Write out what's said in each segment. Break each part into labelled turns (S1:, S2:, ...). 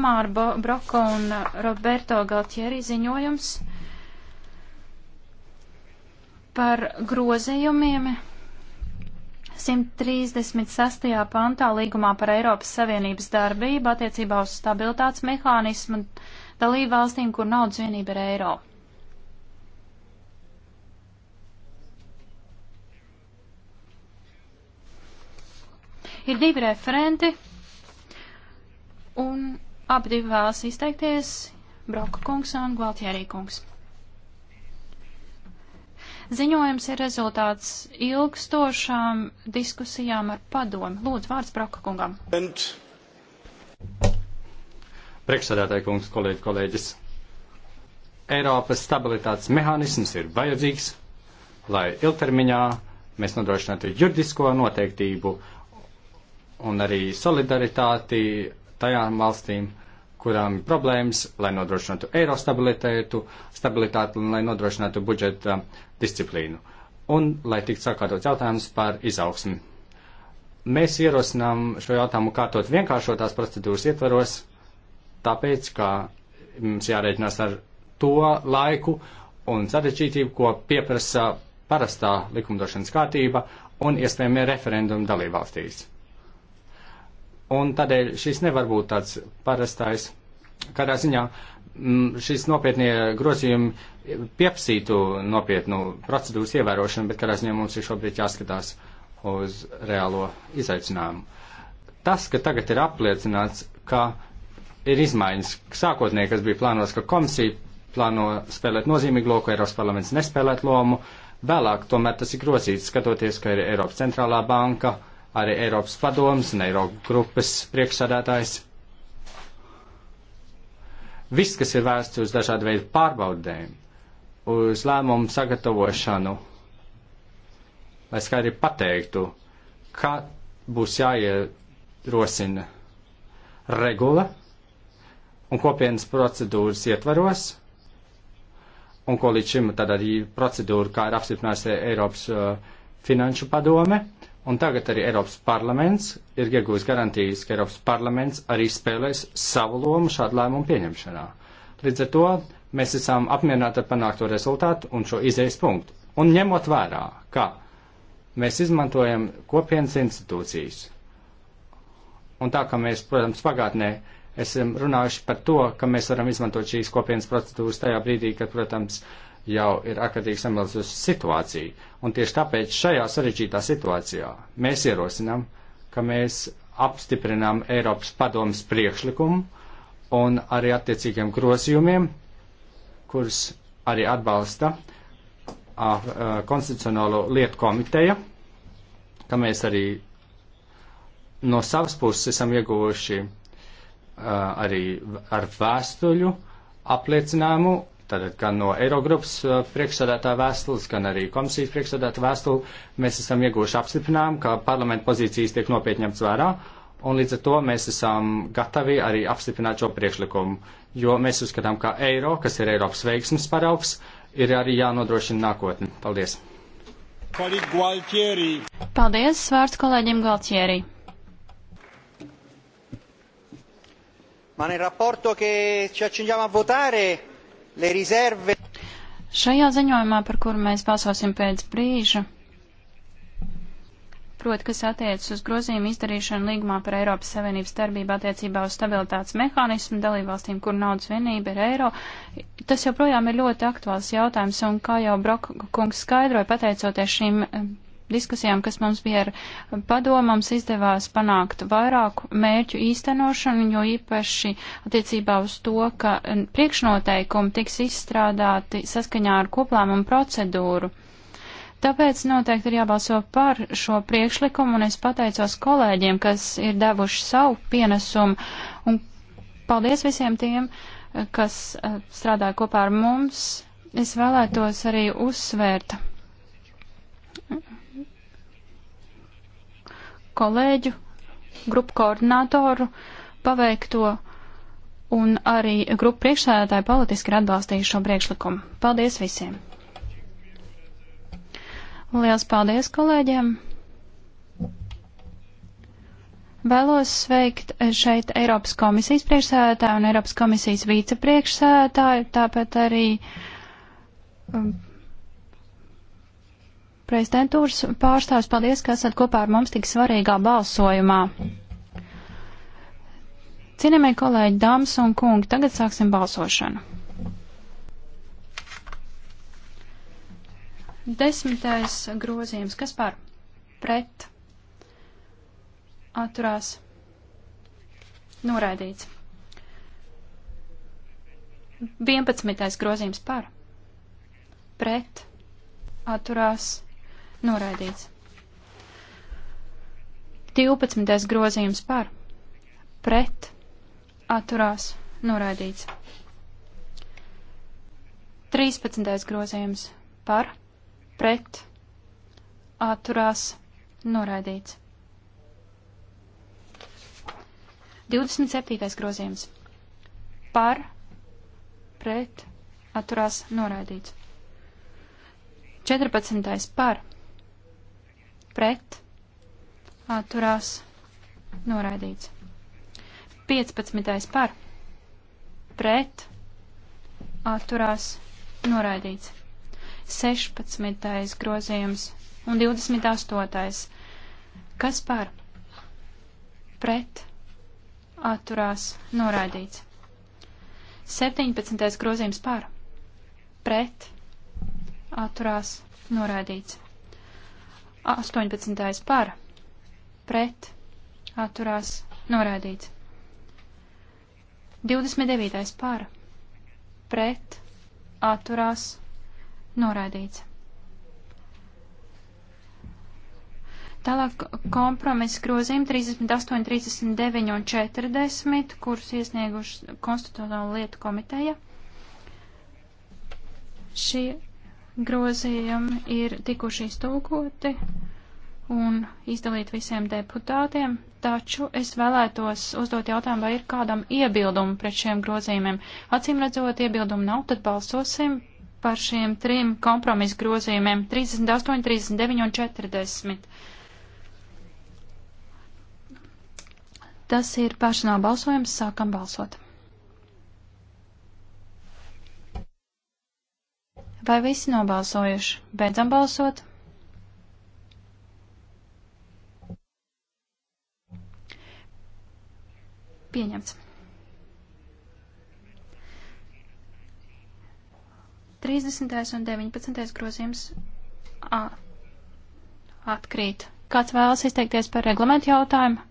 S1: kopumā ar Bo Broko un Roberto Galtieri ziņojums par grozījumiem 136. pantā līgumā par Eiropas Savienības darbību attiecībā uz stabilitātes mehānismu dalību valstīm, kur naudas vienība ir eiro. Ir divi referenti. Abi divi vēlas izteikties - Broka kungs un Gvaltjērī kungs. Ziņojums ir rezultāts ilgstošām diskusijām ar padomu. Lūdzu, vārds Broka kungam.
S2: Priekšsēdētāji kungs, kolēģi, kolēģis. Eiropas stabilitātes mehānisms ir vajadzīgs, lai ilgtermiņā mēs nodrošinātu juridisko noteiktību un arī solidaritāti tajām valstīm, kurām ir problēmas, lai nodrošinātu eiro stabilitātu, stabilitāti un lai nodrošinātu budžeta disciplīnu. Un lai tiktu sakārtots jautājums par izaugsmi. Mēs ierosinām šo jautājumu kārtot vienkāršotās procedūras ietvaros, tāpēc, ka mums jārēķinās ar to laiku un sarežģītību, ko pieprasa parastā likumdošanas kārtība un iespējamie referendumi dalībvalstīs. Un tādēļ šis nevar būt tāds parastais. Kādā ziņā mm, šis nopietnie grozījumi pieprasītu nopietnu procedūras ievērošanu, bet kādā ziņā mums ir šobrīd jāskatās uz reālo izaicinājumu. Tas, ka tagad ir apliecināts, ka ir izmaiņas sākotnēji, kas bija plānots, ka komisija plāno spēlēt nozīmīgu loku, Eiropas parlaments nespēlēt lomu, vēlāk tomēr tas ir grozīts, skatoties, ka ir Eiropas centrālā banka, uh, arī Eiropas padomas un Eiropas grupas priekšsādātājs. Viss, kas ir vērsts uz dažādu veidu pārbaudēm, uz lēmumu sagatavošanu, lai skaidri pateiktu, ka būs jāierosina regula un kopienas procedūras ietvaros, un ko līdz šim tad arī procedūra, kā ir apstiprinājusi Eiropas uh, finanšu padome, Un tagad arī Eiropas parlaments ir iegūst garantijas, ka Eiropas parlaments arī spēlēs savu lomu šādu lēmumu pieņemšanā. Līdz ar to mēs esam apmierināti ar panākto rezultātu un šo izējas punktu. Un ņemot vērā, ka mēs izmantojam kopienas institūcijas. Un tā kā mēs, protams, pagātnē esam runājuši par to, ka mēs varam izmantot šīs kopienas procedūras tajā brīdī, kad, protams, uh, jau ir ārkārtīgi samilzusi situācija. Un tieši tāpēc šajā sarežģītā situācijā mēs ierosinām, ka mēs apstiprinām Eiropas padomas priekšlikumu un arī attiecīgiem grozījumiem, kurus arī atbalsta Konstitucionālo lietu komiteja, ka mēs arī no savas puses esam ieguvuši arī ar vēstuļu apliecinājumu Tātad gan no Eirogrupas uh, priekšsādātā vēstules, gan arī komisijas priekšsādātā vēstuli mēs esam ieguvuši apstiprinājumu, ka parlamenta pozīcijas tiek nopietni ņemts vērā, un līdz ar to mēs esam gatavi arī apstiprināt šo priekšlikumu, jo mēs uzskatām, ka eiro, kas ir Eiropas veiksmes paraugs, ir arī jānodrošina nākotni. Paldies! Paldies!
S1: Vārds kolēģim Galtieri!
S2: Ma nel rapporto che ci accingiamo a votare Reserve...
S1: Šajā ziņojumā, par kuru mēs balsosim pēc brīža, proti, kas attiecas uz grozījumu izdarīšanu līgumā par Eiropas Savienības darbību attiecībā uz stabilitātes mehānismu dalībvalstīm, kur naudas vienība ir eiro, tas joprojām ir ļoti aktuāls jautājums, un kā jau Broka kungs skaidroja, pateicoties šīm diskusijām, kas mums bija ar padomams, izdevās panākt vairāku mērķu īstenošanu, jo īpaši attiecībā uz to, ka priekšnoteikumi tiks izstrādāti saskaņā ar koplēmumu procedūru. Tāpēc noteikti ir jābalso par šo priekšlikumu, un es pateicos kolēģiem, kas ir devuši savu pienesumu, un paldies visiem tiem, kas eh, strādāja kopā ar mums. Es vēlētos arī uzsvērt kolēģu, grupu koordinātoru paveikto un arī grupu priekšsēdētāji politiski ir atbalstījuši šo priekšlikumu. Paldies visiem! Liels paldies kolēģiem! Vēlos sveikt šeit Eiropas komisijas priekšsēdētāju un Eiropas komisijas vicepriekšsēdētāju, tāpat arī um, Prezidentūras pārstāvis, paldies, ka esat kopā ar mums tik svarīgā balsojumā. Cienījamie kolēģi, dāmas un kungi, tagad sāksim balsošanu. Desmitais grozījums. Kas par? Pret. Atturās. Noraidīts. Vienpadsmitais grozījums par. Pret. Atturās. Noraidīts. 12. grozījums par. Pret. Atturās. Noraidīts. 13. grozījums par. Pret. Atturās. Noraidīts. 27. grozījums par, pret, atturās, noraidīts. 14. par, pret, atturās, noraidīts. 15. par, pret, atturās, noraidīts. 16. grozījums un 28. Kas par? Pret, atturās, noraidīts. 17. grozījums par, pret, atturās, noraidīts. 18. par, pret, atturās, noraidīts. 29. par, pret, atturās, noraidīts. Tālāk kompromisa grozījumi 38, 39 un 40, kurus iesnieguši Konstitucionāla lietu komiteja. Šie grozījumi ir tikuši iztūkoti un izdalīti visiem deputātiem, taču es vēlētos uzdot jautājumu, vai ir kādam iebildumu pret šiem grozījumiem. Acīm redzot, iebildumu nav, tad balsosim par šiem trim kompromisu grozījumiem - 38, 39 un 40. Tas ir personāla balsojums, sākam balsot. Vai visi nobalsojuši? Beidzam balsot. Pieņemts. 30. un 19. grozījums A. atkrīt. Kāds vēlas izteikties par reglamentu jautājumu?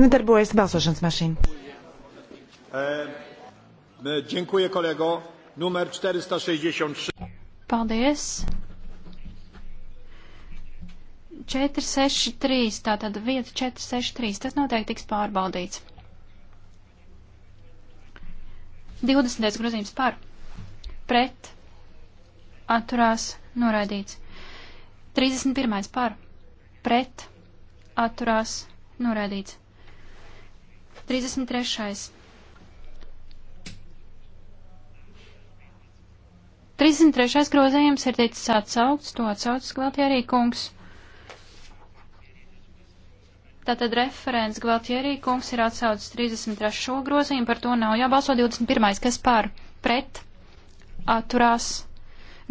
S1: Nedarbojas balsošanas mašīna.
S2: Eh, dziękuję kolego numur 463.
S1: Paldies! 463, tātad vieta 463, tas noteikti tiks pārbaudīts. 20. grozījums par, pret, atturās, noraidīts. 31. par, pret, atturās, noraidīts. 33. 33. grozījums ir ticis atsaukts, to atsaucas Gvaltierī kungs. Tātad referents Gvaltierī kungs ir atsaucis 33. grozījumu, par to nav jābalso 21. kas par pret atturās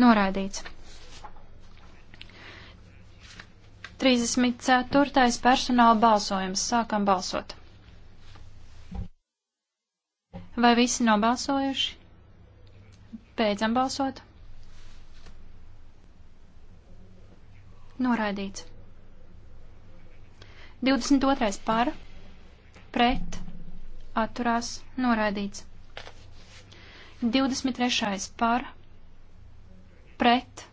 S1: noraidīts. 34. personāla balsojums. Sākam balsot. Vai visi nobalsojuši? Beidzam balsot. Noraidīts. 22. par, pret, atturās, noraidīts. 23. par, pret,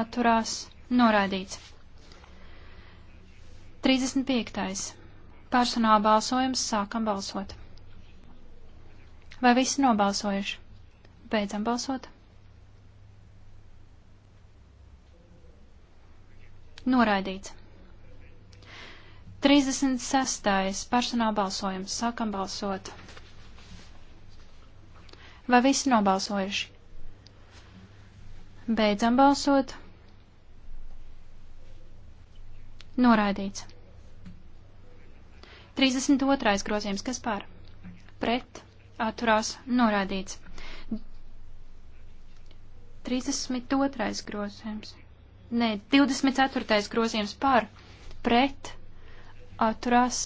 S1: atturās, noraidīts. 35. Personāla balsojums sākam balsot. Vai visi nobalsojuši? Beidzam balsot. Noraidīts. 36. personāla balsojums. Sākam balsot. Vai visi nobalsojuši? Beidzam balsot. Noraidīts. 32. grozījums. Kas pār? Pret. Atturās. Noraidīts. 32. grozījums. Nē, 24. grozījums par, pret, atturās,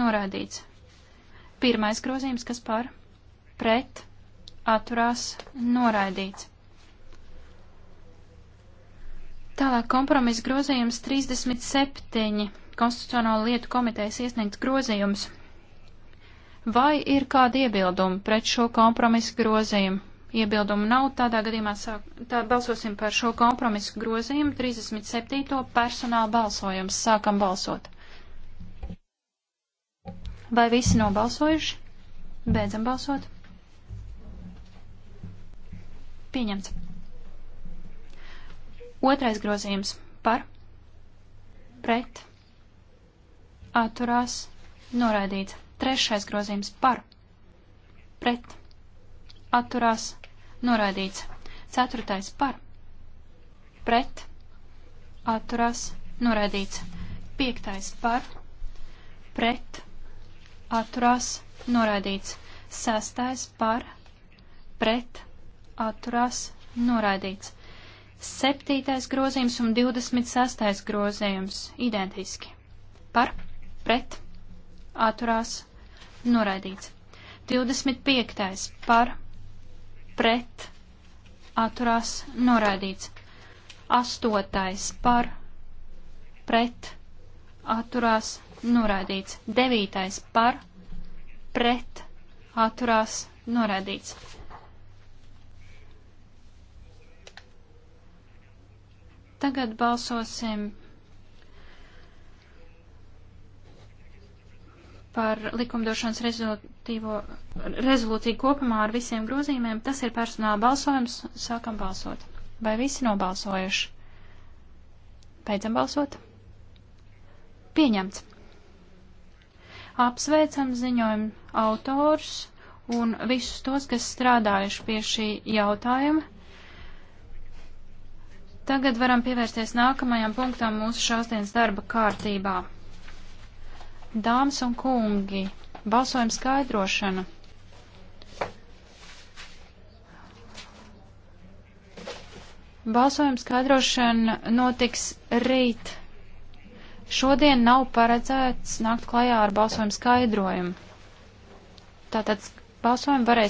S1: norādīts. Pirmais grozījums, kas par, pret, atturās, noraidīts. Tālāk kompromisa grozījums 37. Konstitucionālo lietu komitejas iesniegts grozījums. Vai ir kādi iebildumi pret šo kompromisa grozījumu? Iebildumu nav. Tādā gadījumā sāk, tā balsosim par šo kompromisu grozījumu. 37. personāla balsojums. Sākam balsot. Vai visi nobalsojuši? Beidzam balsot. Pieņemts. Otrais grozījums par, pret, atturās, noraidīts. Trešais grozījums par, pret, atturās, noraidīts. Ceturtais par, pret, atturās, noraidīts. Piektais par, pret, atturās, noraidīts. Sestais par, pret, atturās, noraidīts. Septītais grozījums un 26. grozījums identiski. Par, pret, atturās, noraidīts. 25. par, pret atturās noraidīts. Astotais par pret atturās noraidīts. Devītais par pret atturās noraidīts. Tagad balsosim par likumdošanas rezolūciju kopumā ar visiem grozījumiem. Tas ir personāla balsojums. Sākam balsot. Vai visi nobalsojuši? Beidzam balsot. Pieņemts. Apsveicam ziņojumu autors un visus tos, kas strādājuši pie šī jautājuma. Tagad varam pievērsties nākamajam punktam mūsu šāsdienas darba kārtībā. Dāmas un kungi, balsojuma skaidrošana. Balsojuma skaidrošana notiks rīt. Šodien nav paredzēts nākt klajā ar balsojumu skaidrojumu. Tātad balsojumu varēs